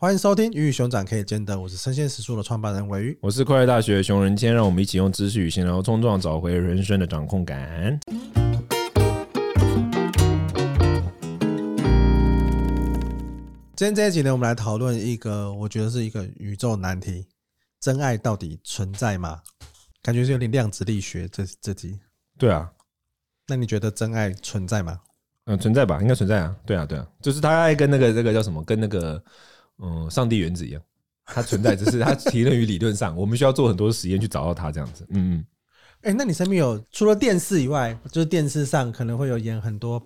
歡迎收聽《魚與熊掌可以兼得》，我是新聞蔬食的創辦人韋宇我是快樂大學熊仁謙今天，讓我們一起用知識與心靈碰撞，找回人生的掌控感。今天這一集呢，我們來討論一個我覺得是一個宇宙難題：真愛到底存在嗎？感覺是有點量子力學這這集。對啊，那你覺得真愛存在嗎？嗯、呃，存在吧，應該存在啊。對啊，對啊，對啊就是他愛跟那個那個叫什麼，跟那個。嗯，上帝原子一樣，它存在只是它提論於理論上， 我們需要做很多實驗去找到它這樣子。嗯嗯，哎、欸，那你身邊有除了電視以外，就是電視上可能會有演很多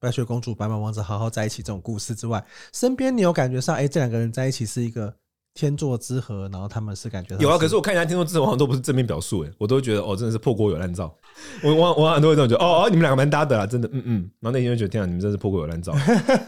白雪公主、白馬王子好好在一起這種故事之外，身邊你有感覺上，哎、欸，這兩個人在一起是一個。天作之合，然後他們是感覺是有啊，可是我看一下天作之合，好像都不是正面表述，欸，我都覺得哦，真的是破鍋有爛灶。我我我很多人都會這樣覺得，哦哦，你們兩個蠻搭的啦，真的，嗯嗯，然後那因為覺得天啊，你們真是破鍋有爛灶，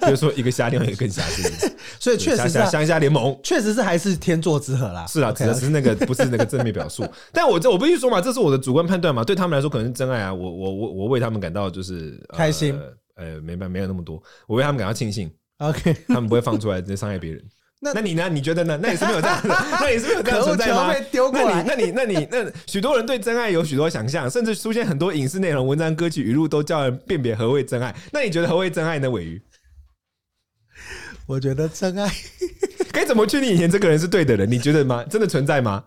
就、嗯、說一個瞎天 一個更瞎天，所以確實是鄉下聯盟，確實是還是天作之合啦，是啊 okay, okay，只是那個不是那個正面表述， 但我這我必須說嘛，這是我的主觀判斷嘛，對他們來說可能是真愛啊，我我我我為他們感到就是開心，呃，呃沒辦沒有那麼多，我為他們感到慶幸，OK，他們不會放出來直接傷害別人。 那,那你呢？你覺得呢？那你是沒有這樣子的，那你是沒有這樣子存在嗎？過那你那你那你那許多人對真愛有許多想象，甚至出現很多影視內容、文章、歌曲、語錄，都叫人辨別何謂真愛。那你覺得何謂真愛呢？鮪魚，我覺得真愛該 怎麼確定以前這個人是對的人？你覺得嗎？真的存在嗎？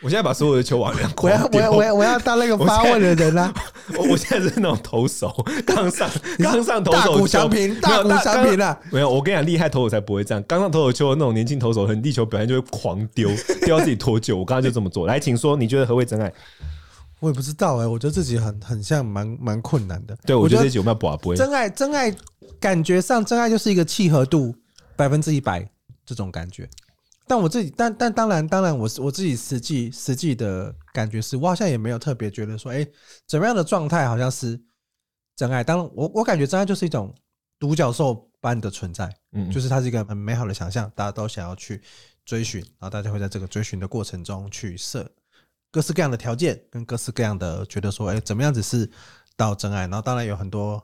我現在把所有的球往兩邊我要，我要，我要，我要當那個發問的人啊，我我！我現在是那種投手，剛上剛 上，上投手。大谷翔平，大谷翔平啊！沒有，啊、我跟你講，厲害投手才不會這樣。剛上投手球那種年輕投手，很力求表現就會狂丟，丟到自己脫臼。 我剛剛就這麼做。來，請說，你覺得何謂真愛？我也不知道哎、欸，我覺得自己很很像，蠻蠻困難的。對，我覺得這局我們要把握。真愛，真愛，感覺上真愛就是一個契合度百分之一百這種感覺。但我自己，但但當然，當然我，我我自己實際實際的感覺是，我好像也沒有特別覺得說，哎、欸，怎麼樣的狀態好像是真愛。當然我，我我感覺真愛就是一種獨角獸般的存在，嗯，嗯，就是它是一個很美好的想象，大家都想要去追尋，然後大家會在這個追尋的過程中去設各式各樣的條件，跟各式各樣的覺得說，哎、欸，怎麼樣子是到真愛。然後當然有很多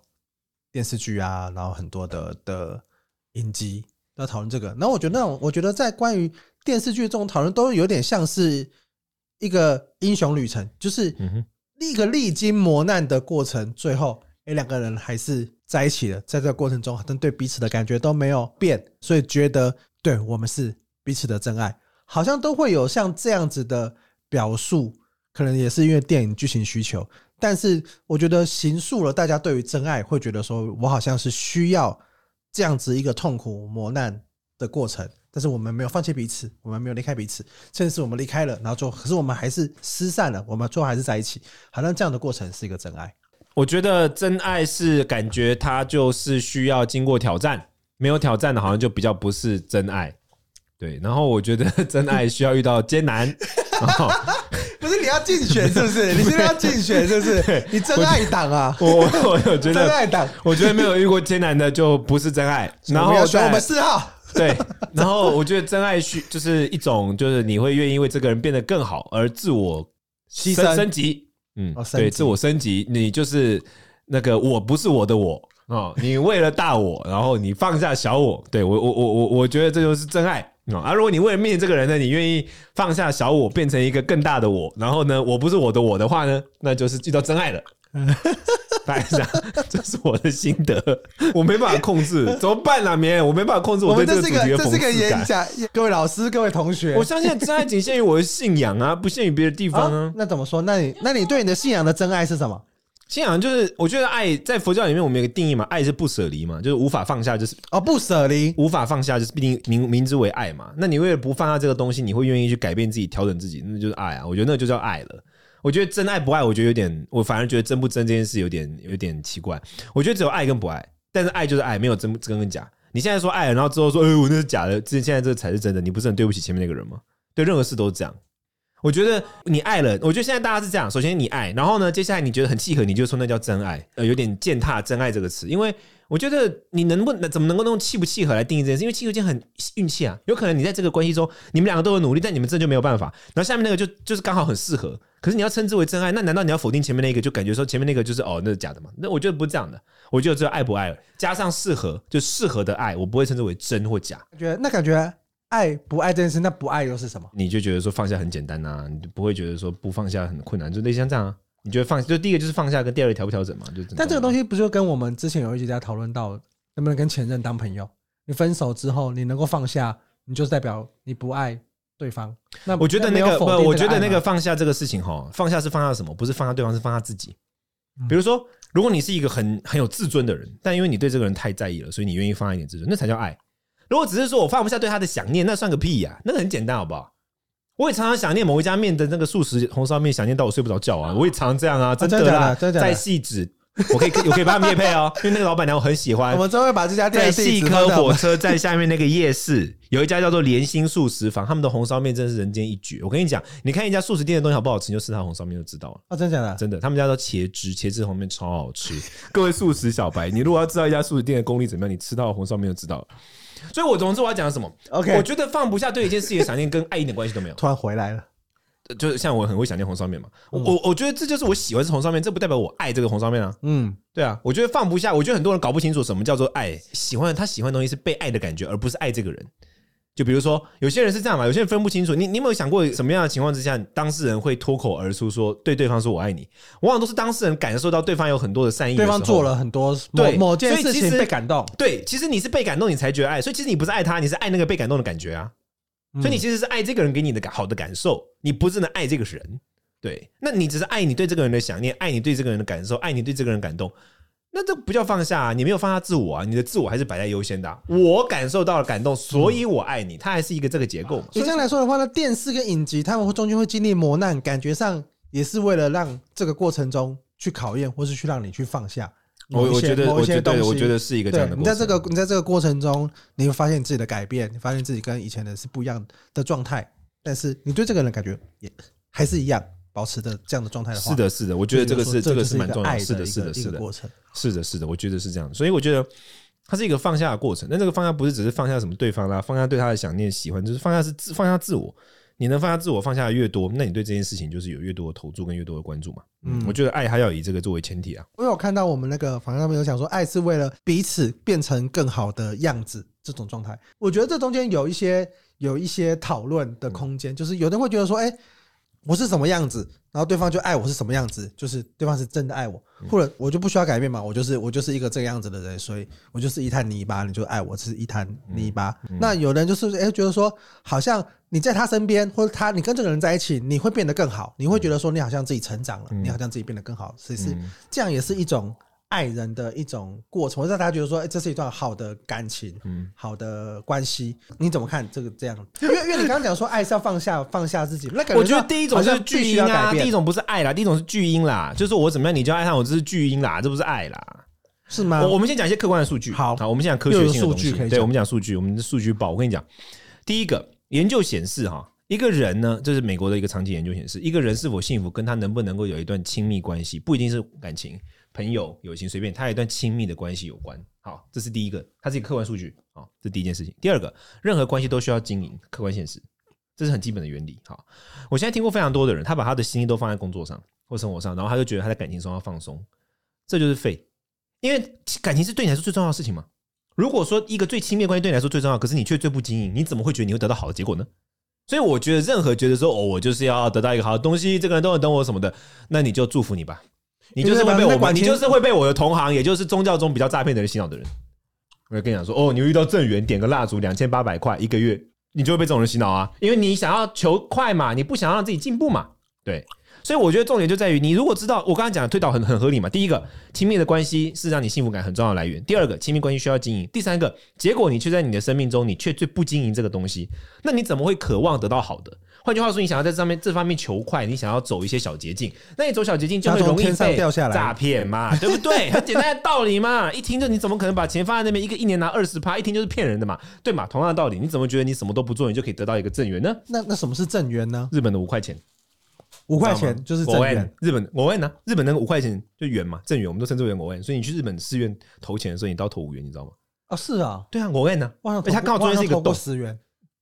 電視劇啊，然後很多的的影集。要討論這個，然後我覺得那種，我覺得在關於電視劇這種討論，都有點像是一個英雄旅程，就是一個歷經磨難的過程，最後欸，兩個人還是在一起了，在這個過程中，好像對彼此的感覺都沒有變，所以覺得對，我們是彼此的真愛，好像都會有像這樣子的表述，可能也是因為電影劇情需求，但是我覺得形塑了，大家對於真愛會覺得說，我好像是需要。這樣子一個痛苦磨難的過程，但是我們沒有放棄彼此，我們沒有離開彼此。甚至是我們離開了，然後最後可是我們還是失散了。我們最後還是在一起，好像這樣的過程是一個真愛。我覺得真愛是感覺它就是需要經過挑戰，沒有挑戰的，好像就比較不是真愛。對，然後我覺得真愛需要遇到艱難。 然後不是你要競選是不是？你現在要競選，是不是 你真愛黨啊！我我有覺得真愛黨， 我覺得沒有遇過艱難的就不是真愛。然後選我們四號， 對。然後我覺得真愛是，就是一種，就是你會願意為這個人變得更好而自我犧牲升級。嗯、哦升級，對，自我升級，你就是那個我不是我的我哦，你為了大我，然後你放下小我，對我我我我，我覺得這就是真愛。嗯、啊！如果你為了面對這個人呢，你願意放下小我，變成一個更大的我，然後呢，我不是我的我的話呢，那就是遇到真愛了。大 家、啊，這是我的心得，我沒辦法控制，怎麼辦呢、啊？綿， 我沒辦法控制我對這個我們這是一個，這，個，這是一個演講，各位老師，各位同學，我相信真愛僅限於我的信仰啊，不限於別的地方、啊啊。那怎麼說？那你，那你對你的信仰的真愛是什麼？信仰就是，我覺得愛在佛教裡面，我們有個定義嘛，愛是不捨離嘛，就是無法放下，就是哦不捨離，無法放下，就是畢竟名之為愛嘛。那你為了不放下這個東西，你會願意去改變自己、調整自己，那就是愛啊。我覺得那就叫愛了。我覺得真愛不愛，我覺得有點，我反而覺得真不真這件事有點有點奇怪。我覺得只有愛跟不愛，但是愛就是愛，沒有真跟跟假。你現在說愛，然後之後說哎呦那是假的，這現在這才是真的。你不是很對不起前面那個人嗎？對任何事都是這樣。我覺得你愛了，我覺得現在大家是這樣。首先你愛，然後呢，接下來你覺得很契合，你就說那叫真愛。呃，有點踐踏“真愛”這個詞，因為我覺得你能不能怎麼能夠用契不契合來定義這件事？因為契合間很運氣啊，有可能你在這個關係中，你們兩個都有努力，但你們真的就沒有辦法。然後下面那個就就是剛好很適合，可是你要稱之為真愛，那難道你要否定前面那個？就感覺說前面那個就是哦，那是假的嗎？那我覺得不是這樣的，我覺得只有愛不愛了，加上適合，就適合的愛，我不會稱之為真或假。覺得那感覺。愛不愛這件事，那不愛又是什麼？你就覺得說放下很簡單吶、啊，你就不會覺得說不放下很困難，就類似像這樣啊。你覺得放下，就第一個就是放下，跟第二個調不調整嘛整。但這個東西不就跟我們之前有一集在討論到，能不能跟前任當朋友？你分手之後，你能夠放下，你就是代表你不愛對方。那我覺得那個，不我覺得那個放下這個事情，哈，放下是放下什麼？不是放下對方，是放下自己。比如說，如果你是一個很很有自尊的人，但因為你對這個人太在意了，所以你願意放下一點自尊，那才叫愛。如果只是說我放不下對他的想念，那算個屁呀，啊！那個很簡單，好不好？我也常常想念某一家麵的那個素食紅燒麵，想念到我睡不着覺啊！我也常這樣啊，真的啊，啊啊啊在細緻、啊啊啊、我可以、啊、我可以，我可以幫他們業配哦，喔， 因為那個老闆娘我很喜歡。我們專門把這家店在細科火車站下面那個夜市，有一家叫做蓮心素食坊，他們的紅燒麵真是人間一絕。我跟你講，你看一家素食店的東西好不好吃，你就吃他紅燒麵就知道了啊！真的，啊，真的，他們家的茄汁，茄汁、紅麵超好吃。各位素食小白，你如果要知道一家素食店的功力怎麼樣，你吃到紅燒麵就知道了。所以，我總之我要講什麼？OK，我覺得放不下對一件事情的想念，跟愛一點關係都沒有。突然回來了，就像我很會想念紅燒麵嘛。我我覺得這就是我喜歡吃紅燒麵，這不代表我愛這個紅燒麵啊。嗯，對啊，我覺得放不下。我覺得很多人搞不清楚什麼叫做愛，喜歡他喜歡的東西是被愛的感覺，而不是愛這個人。就比如說，有些人是這樣嘛，有些人分不清楚。你你有沒有想過，什麼樣的情況之下，當事人會脫口而出說對對方說“我愛你”？往往都是當事人感受到對方有很多的善意的，對方做了很多，對某件事情被感動。對，其實你是被感動，你才覺得愛。所以其實你不是愛他，你是愛那個被感動的感覺啊。所以你其實是愛這個人給你的好的感受，你不是能愛這個人。對，那你只是愛你對這個人的想念，愛你對這個人的感受，愛你對這個人感動。那這不叫放下，啊，你沒有放下自我啊！你的自我還是擺在優先的啊。我感受到了感動，所以我愛你。嗯。它還是一個這個結構嘛。所以這樣來說的話，那電視跟影集，他們會中間會經歷磨難，感覺上也是為了讓這個過程中去考驗，或是去讓你去放下。我我覺得我覺得對我覺得是一個這樣的。你在這個你在這個過程中，你會發現你自己的改變，你發現自己跟以前的是不一樣的狀態，但是你對這個人感覺也還是一樣。保持的這樣的狀態的話，是的，是的，我覺得這個是，這個是蠻重要的，是的，是的，是的，過程，是的，是的，我覺得是這樣，所以我覺得它是一個放下的過程。那這個放下不是只是放下什麼對方啦，放下對他的想念、喜歡，就是放下是放下自我。你能放下自我，放下的越多，那你對這件事情就是有越多的投注跟越多的關注嘛？嗯，我覺得愛還要以這個作為前提啊。因為我有看到我們那個訪談上面有講說，愛是為了彼此變成更好的樣子這種狀態，我覺得這中間有一些有一些討論的空間、嗯，就是有的人會覺得說，哎、欸。我是什麼樣子，然後對方就愛我是什麼樣子，就是對方是真的愛我，或者我就不需要改變嘛，我就是我就是一個這個樣子的人，所以我就是一灘泥巴，你就愛我，是一灘泥巴、嗯嗯。那有人就是誒、欸、覺得說好像你在他身邊，或者他你跟這個人在一起，你會變得更好，你會覺得說你好像自己成長了，嗯、你好像自己變得更好，所以是，是這樣也是一種愛人的一種過程，我讓大家覺得說，哎，這是一段好的感情，嗯、好的關係。你怎麼看這個這樣？因為，因為你剛剛講說，愛是要放下，放下自己。那感覺我覺得第一種是巨嬰啊，第一種不是愛啦，第一種是巨嬰啦，就是我怎麼樣你就愛上我，這是巨嬰啦，這是不是愛啦，是嗎？我，我們先講一些客觀的數據。好，我們先講科學性的數據，對，我們講數據，我們的數據寶。我跟你講，第一個研究顯示，哈，一個人呢，這、就是美國的一個長期研究顯示，一個人是否幸福，跟他能不能夠有一段親密關係，不一定是感情。朋友友情隨便，他有一段親密的關係有關。好，這是第一個，它是一個客觀數據。好，這是第一件事情。第二個，任何關係都需要經營，客觀現實，這是很基本的原理。好，我現在聽過非常多的人，他把他的心力都放在工作上或生活上，然後他就覺得他在感情上要放鬆，這就是廢。因為感情是對你來說最重要的事情嘛。如果說一個最親密的關係對你來說最重要，可是你卻最不經營，你怎麼會覺得你會得到好的結果呢？所以我覺得任何覺得說哦，我就是要得到一個好的東西，這個人都要等我什麼的，那你就祝福你吧。你就是會被我們，你就是會被我的同行，也就是宗教中比較詐騙的人洗腦的人。我就跟你講說，哦，你遇到正緣，點個蠟燭，兩千八百塊一個月，你就會被這種人洗腦啊！因為你想要求快嘛，你不想讓自己進步嘛，對。所以我覺得重點就在於，你如果知道我剛才講的推導很很合理嘛。第一個，親密的關係是讓你幸福感很重要的來源；第二個，親密關係需要經營；第三個，結果你卻在你的生命中，你卻最不經營這個東西，那你怎麼會渴望得到好的？換句話說，你想要在這上面這方面求快，你想要走一些小捷徑，那你走小捷徑就會容易被詐騙嘛，對不對？很簡單的道理嘛，一聽就你怎麼可能把錢放在那邊？一個一年拿二十趴，一聽就是騙人的嘛，對嘛？同樣的道理，你怎麼覺得你什麼都不做，你就可以得到一個正緣呢？那那什麼是正緣呢？日本的五塊錢，五塊錢就是正緣。日本五元呢，日本那個五塊錢就元嘛，正緣我們都稱之為元。五元，所以你去日本寺院投錢的時候，你都要投五元，你知道嗎？啊，是啊，對啊，五元呢，他剛好中間是一個洞。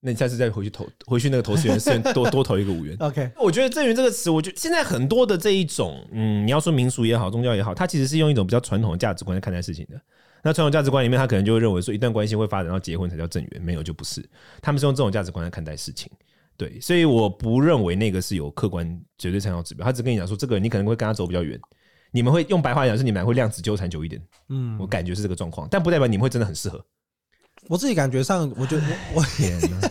那你下次再回去投，回去那個投資人先多 多投一個五元。OK，我覺得“正緣”這個詞，我覺得現在很多的這一種，嗯，你要說民俗也好，宗教也好，他其實是用一種比較傳統的價值觀來看待事情的。那傳統價值觀裡面，他可能就會認為說，一段關係會發展到結婚才叫正緣，沒有就不是。他們是用這種價值觀來看待事情，對，所以我不認為那個是有客觀、絕對參考指標。他只跟你講說，這個你可能會跟他走比較遠，你們會用白話講是你們會量子糾纏久一點，嗯，我感覺是這個狀況，但不代表你們會真的很適合。我自己感覺上，我覺得我，天啊，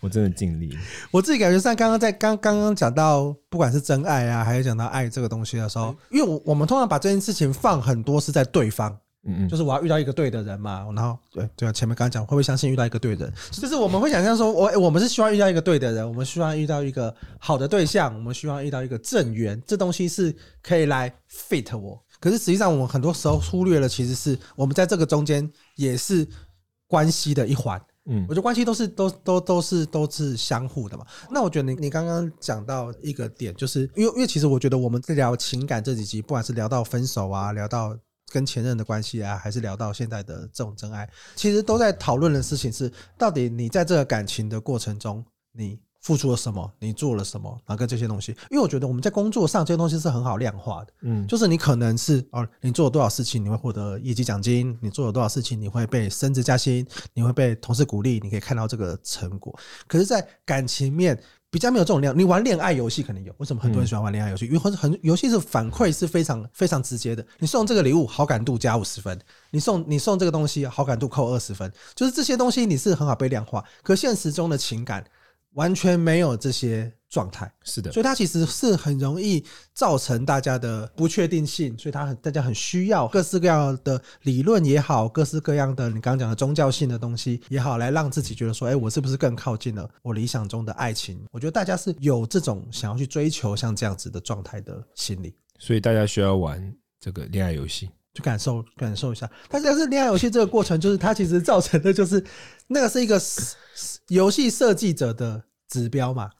我真的盡力。 我自己感覺上，剛剛在剛剛剛講到，不管是真愛啊，還是講到愛這個東西的時候，因為我我們通常把這件事情放很多是在對方，嗯嗯，就是我要遇到一個對的人嘛。然後對對，對啊，前面剛剛講，會不會相信遇到一個對的人？就是我們會想象說我，我們是希望遇到一個對的人，我們希望遇到一個好的對象，我們希望遇到一個正緣。這東西是可以來 fit 我，可是實際上我們很多時候忽略了，其實是我們在這個中間也是。關係的一環，嗯，我覺得關係都是都都都是都是相互的嘛。那我覺得你你剛剛講到一個點，就是因為因為其實我覺得我們在聊情感這幾集，不管是聊到分手啊，聊到跟前任的關係啊，還是聊到現在的這種真愛，其實都在討論的事情是，到底你在這個感情的過程中，你。付出了什麼？你做了什麼？然後跟這些東西？因為我覺得我們在工作上這些東西是很好量化的，嗯，就是你可能是哦，你做了多少事情，你會獲得業績獎金；你做了多少事情，你會被升職加薪，你會被同事鼓勵，你可以看到這個成果。可是，在感情面比較沒有這種量。你玩戀愛遊戲肯定有，為什麼很多人喜歡玩戀愛遊戲，嗯？因為很很遊戲是反饋是非常非常直接的。你送這個禮物，好感度加五十分；你送你送這個東西，好感度扣二十分。就是這些東西你是很好被量化。可現實中的情感。完全沒有這些狀態，是的，所以它其實是很容易造成大家的不確定性，所以它很大家很需要各式各樣的理論也好，各式各樣的你剛剛講的宗教性的東西也好，來讓自己覺得說，哎，我是不是更靠近了我理想中的愛情？我覺得大家是有這種想要去追求像這樣子的狀態的心理，所以大家需要玩這個戀愛遊戲，就感受感受一下。但是戀愛遊戲這個過程，就是它其實造成的就是那個是一個。遊戲設計者的指標嘛，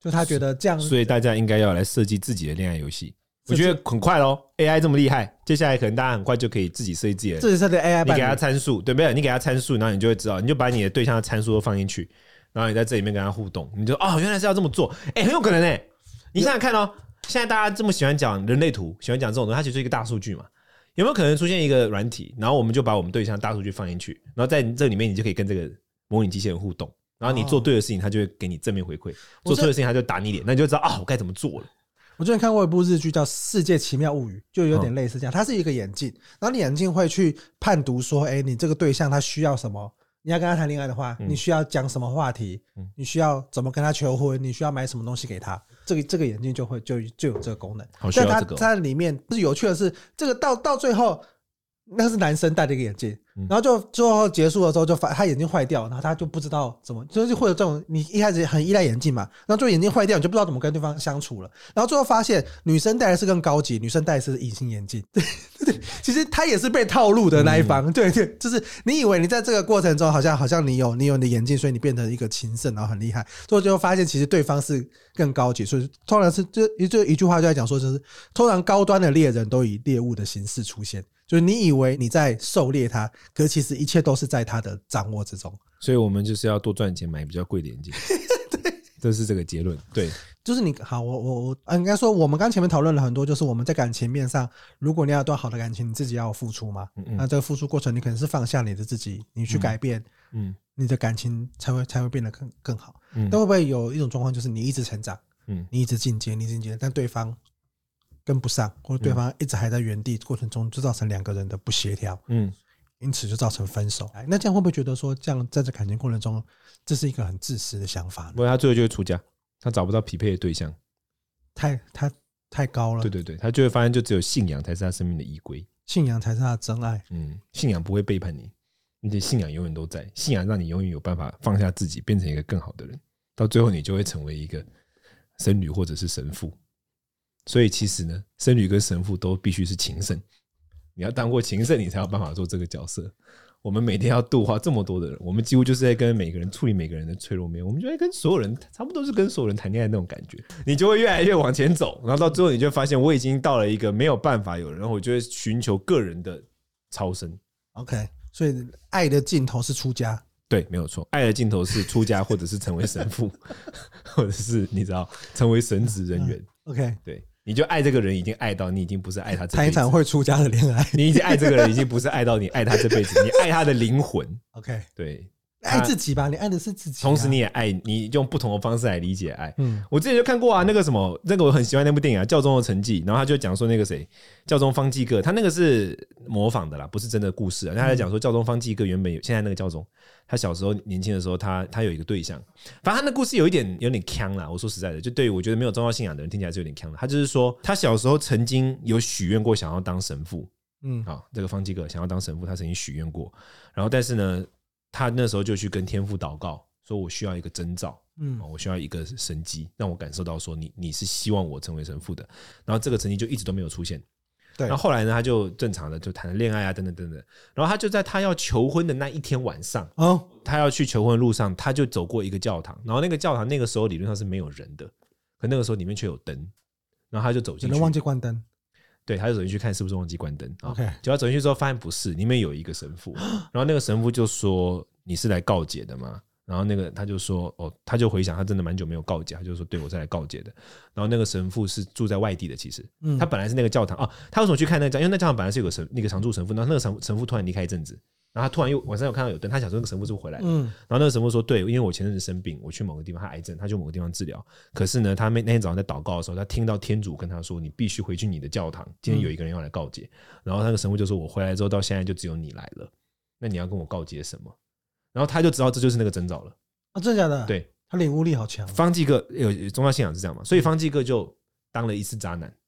就他覺得這樣，所以大家應該要來設計自己的戀愛遊戲。我覺得很快咯。AI 這麼厲害，接下來可能大家很快就可以自己設計自己設計 AI，你給他參數，對不對？你給他參數，然後你就會知道，你就把你的對象的參數都放進去，然後你在這裡面跟他互動，你就哦，原來是要這麼做，哎，很有可能呢、欸。你想想看哦，現在大家這麼喜歡講人類圖，喜歡講這種東西，它其實是一個大數據嘛，有沒有可能出現一個軟體，然後我們就把我們對象的大數據放進去，然後在這裡面你就可以跟這個。模擬機器人互動，然後你做對的事情，它、哦、就會給你正面回饋；做錯的事情，它就打你臉，那你就知道啊、哦，我該怎麼做了。我之前看過一部日劇叫《世界奇妙物語》，就有點類似這樣。嗯、它是一個眼鏡，然後你眼鏡會去判讀說，哎、欸，你這個對象他需要什麼？你要跟他談戀愛的話，嗯、你需要講什麼話題？嗯、你需要怎麼跟他求婚？你需要買什麼東西給他？這個這個眼鏡就會就就有這個功能。好哦、在它在裡面，有趣的是這個到到最後。那是男生戴的一個眼鏡、嗯，然後就最後結束的時候就發他眼鏡壞掉了，然後他就不知道怎麼，就是會有這種你一開始很依賴眼鏡嘛，然後最後眼鏡壞掉，你就不知道怎麼跟對方相處了。然後最後發現女生戴的是更高級，女生戴的是隱形眼鏡，對對、對，其實他也是被套路的那一方，對、嗯、對，就是你以為你在這個過程中好像好像你有你有你的眼鏡，所以你變成一個情聖，然後很厲害。最後最後發現其實對方是更高級，所以通常是這一就一句話就在講說，就是通常高端的獵人都以獵物的形式出現。就是你以為你在狩獵他，可是其實一切都是在他的掌握之中。所以我們就是要多賺錢，買比較貴的眼鏡。 對，就是這個結論。對，就是你好，我我我，應該、啊，說我們剛前面討論了很多，就是我們在感情面上，如果你要一段好的感情，你自己要有付出嘛、嗯嗯。那這個付出過程，你可能是放下你的自己，你去改變，嗯，你的感情才會才會變得更更好、嗯。但會不會有一種狀況，就是你一直成長，嗯，你一直進階，你進階，但對方？跟不上，或者對方一直還在原地的過程中，就造成兩個人的不協調，嗯，因此就造成分手。哎、嗯，那這樣會不會覺得說，這樣在這感情過程中，這是一個很自私的想法呢？不過他最後就會出家，他找不到匹配的對象，太他太高了。對對對，他就會發現，就只有信仰才是他生命的依歸，信仰才是他的真愛。嗯，信仰不會背叛你，你的信仰永遠都在。信仰讓你永遠有辦法放下自己，變成一個更好的人。到最後，你就會成為一個僧侶或者是神父。所以其實呢，僧侶跟神父都必須是情聖，你要當過情聖，你才有辦法做這個角色。我們每天要度化這麼多的人，我們幾乎就是在跟每個人處理每個人的脆弱面。我們就在跟所有人，差不多是跟所有人談戀愛那種感覺，你就會越來越往前走。然後到最後，你就發現我已經到了一個沒有辦法有人，然後我就會尋求個人的超生。OK，所以愛的盡頭是出家，對，沒有錯。愛的盡頭是出家，或者是成為神父， 或者是你知道，成為神職人員。OK，對。你就愛這個人，已經愛到你已經不是愛他，談一場會出家的戀愛。你已經愛這個人，已經不是愛到你愛他這輩子，你，你愛他的靈魂。OK，對。愛自己吧、啊，你愛的是自己、啊。同時，你也愛你用不同的方式來理解愛。嗯，我之前就看過啊，那個什麼，那個我很喜歡那部電影啊，《教宗的承繼》。然後他就講說，那個誰，教宗方濟各，他那個是模仿的啦，不是真的故事。嗯、他在講說，教宗方濟各原本有，現在那個教宗，他小時候年輕的時候他，他他有一個對象。反正他那故事有一點有點腔了。我說實在的，就對於我覺得沒有宗教信仰的人，聽起來是有點腔了。他就是說，他小時候曾經有許願過，想要當神父。嗯，好，這個方濟各想要當神父，他曾經許願過。然後，但是呢？他那時候就去跟天父禱告，說我需要一個徵兆，嗯，我需要一個神蹟讓我感受到說你你是希望我成為神父的。然後這個神蹟就一直都沒有出現。對，然後後來呢，他就正常的就談了戀愛啊，等等等等。然後他就在他要求婚的那一天晚上，哦，他要去求婚的路上，他就走過一個教堂，然後那個教堂那個時候理論上是沒有人的，可那個時候裡面卻有燈，然後他就走進去，可能忘記關燈。對，他就走進去看是不是忘記關燈。o、okay. 哦、結果他走進去之後發現不是，裡面有一個神父。然後那個神父就說：“你是來告解的嗎？”然後那個他就說：“哦，他就回想他真的蠻久沒有告解，他就說對我是來告解的。”然後那個神父是住在外地的，其實他本來是那個教堂啊、嗯哦。他為什麼去看那家？因為那個教堂本來是有一個神那個常住神父，那那個神神父突然離開一陣子。然後他突然又晚上又看到有燈，他想說那個神父是不是回來了？嗯、然後那個神父說：“對，因為我前陣子生病，我去某個地方，他癌症，他去某個地方治療。可是呢，他那天早上在禱告的時候，他聽到天主跟他說：‘你必須回去你的教堂，今天有一個人要來告解。嗯’然後那個神父就說：‘我回來之後到現在就只有你來了，那你要跟我告解什麼？’然後他就知道這就是那個徵兆了啊，真的假的？對他領悟力好強、啊。方濟各有宗教信仰是這樣嘛？所以方濟各就當了一次渣男、嗯，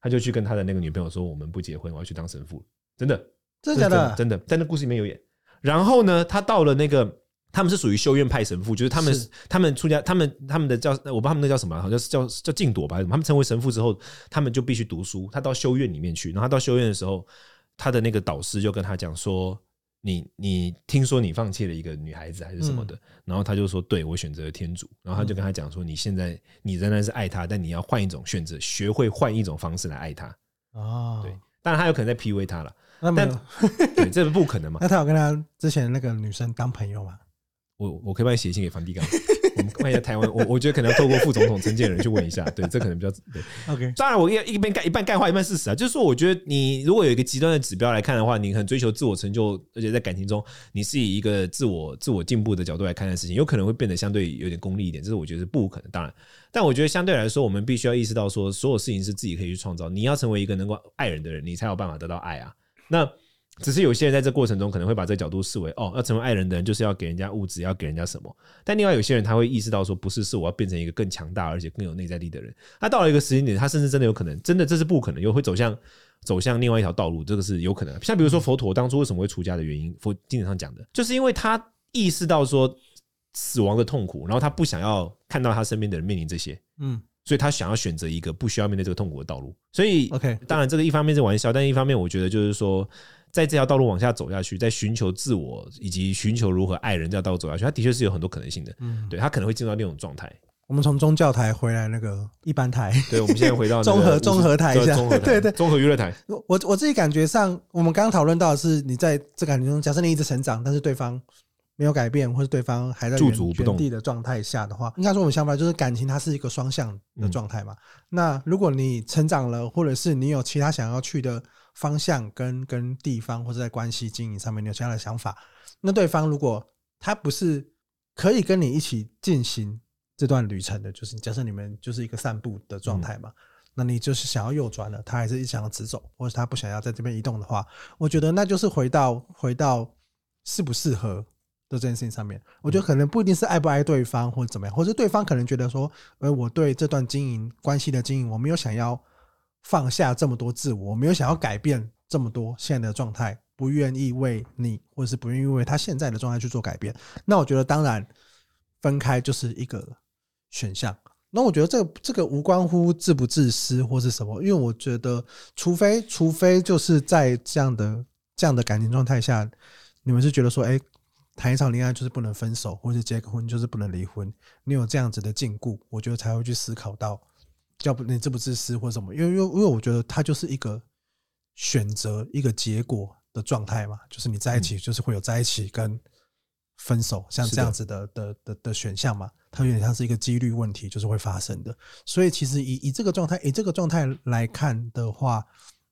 他就去跟他的那個女朋友說：‘我們不結婚，我要去當神父。’真的。”真，真的的？真的，在那故事裡面有演。然後呢，他到了那個，他們是屬於修院派神父，就是他們是他們出家，他們他們的叫，我不知道他們那叫什麼，好像是叫叫靜朵吧，他們成為神父之後，他們就必須讀書。他到修院裡面去，然後他到修院的時候，他的那個導師就跟他講說：“你你聽說你放棄了一個女孩子還是什麼的？”然後他就說：“對，我選擇了天主。”然後他就跟他講說：“你現在你仍然是愛他，但你要換一種選擇，學會換一種方式來愛他。”哦。對，當然他有可能在 PUA 他了。那沒有，對，這是不可能嘛？ 那他有跟他之前那個女生當朋友嗎？我我可以幫你寫信給梵蒂岡 我們看一下台灣，我我覺得可能要透過副總統陳建仁去問一下。對，這可能比較對。OK，當然我應該一一邊幹一半幹話，一半事實啊。就是說，我覺得你如果有一個極端的指標來看的話，你很追求自我成就，而且在感情中你是以一個自我自我進步的角度來看待事情，有可能會變得相對有點功利一點。這是我覺得是不可能的。當然，但我覺得相對來說，我們必須要意識到說，所有事情是自己可以去創造。你要成為一個能夠愛人的人，你才有辦法得到愛啊。那只是有些人在這過程中可能會把這個角度視為哦，要成為愛人的人就是要給人家物質，要給人家什麼。但另外有些人他會意識到說，不是，是我要變成一個更強大而且更有內在力的人。他到了一個時間點，他甚至真的有可能，真的這是不可能，又會走向走向另外一條道路，這個是有可能。像比如說佛陀當初為什麼會出家的原因，佛經典上講的就是因為他意識到說死亡的痛苦，然後他不想要看到他身邊的人面臨這些。嗯。所以他想要選擇一個不需要面對這個痛苦的道路，所以 OK。當然，這個一方面是玩笑，但一方面我覺得就是說，在這條道路往下走下去，在尋求自我以及尋求如何愛人這條道路走下去，他的確是有很多可能性的。嗯，對，他可能會進入到那種狀態。我們從宗教台回來，那個一般台。嗯，對，我們現在回到綜合綜合台，對對，綜合娛樂台。我我我自己感覺上，我們剛剛討論到的是，你在這感情中，假設你一直成長，但是對方。沒有改變，或是對方還在駐足不動地的狀態下的話，應該說我們想法就是感情它是一個雙向的狀態嘛、嗯。那如果你成長了，或者是你有其他想要去的方向跟跟地方，或者在關係經營上面你有其他的想法，那對方如果他不是可以跟你一起進行這段旅程的，就是假設你們就是一個散步的狀態嘛、嗯，那你就是想要右轉了，他還是一直想要直走，或者他不想要在這邊移動的話，我覺得那就是回到回到適不適合。在這件事情上面，我覺得可能不一定是愛不愛對方或者怎麼樣，或者對方可能覺得說，誒，我對這段經營關係的經營，我沒有想要放下這麼多自我，我沒有想要改變這麼多現在的狀態，不願意為你，或者是不願意為他現在的狀態去做改變。那我覺得當然分開就是一個選項。那我覺得這個這個無關乎自不自私或是什麼，因為我覺得除非除非就是在這樣的這樣的感情狀態下，你們是覺得說，欸，誒談一場戀愛就是不能分手，或者結個婚就是不能離婚。你有這樣子的禁錮，我覺得才會去思考到，要不你自不自私或什麼？因為因為因為我覺得它就是一個選擇、一個結果的狀態嘛。就是你在一起，嗯、就是會有在一起跟分手像這樣子的的的的，的選項嘛。它有點像是一個幾率問題，就是會發生的。所以其實以以這個狀態以這個狀態來看的話。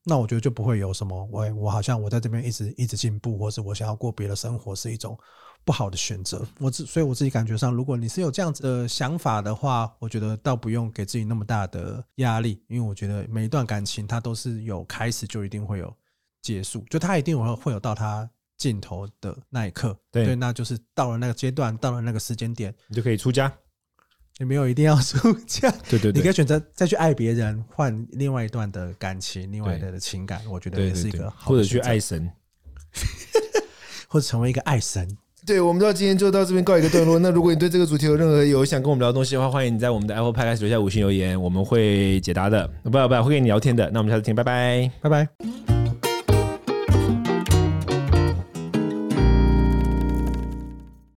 那我覺得就不會有什麼，我我好像我在這邊一直一直進步，或是我想要過別的生活是一種不好的選擇。我自所以我自己感覺上，如果你是有這樣子的想法的話，我覺得倒不用給自己那麼大的壓力，因為我覺得每一段感情它都是有開始，就一定會有結束，就它一定會有會有到它盡頭的那一刻。對，對，那就是到了那個階段，到了那個時間點，你就可以出家。你沒有一定要出家，這樣對對對，你可以選擇再去愛別人，換另外一段的感情，另外一段的情感，我覺得也是一個好的選擇，對對對對，或者去愛神， 或者成為一個愛神。對，我們到今天就到這邊告一個段落。那如果你對這個主題有任何有 想跟我們聊的東西的話，歡迎你在我們的 Apple Podcast 留下五星留言，我們會解答的，不要不要，會跟你聊天的。那我們下次見，拜拜，拜拜。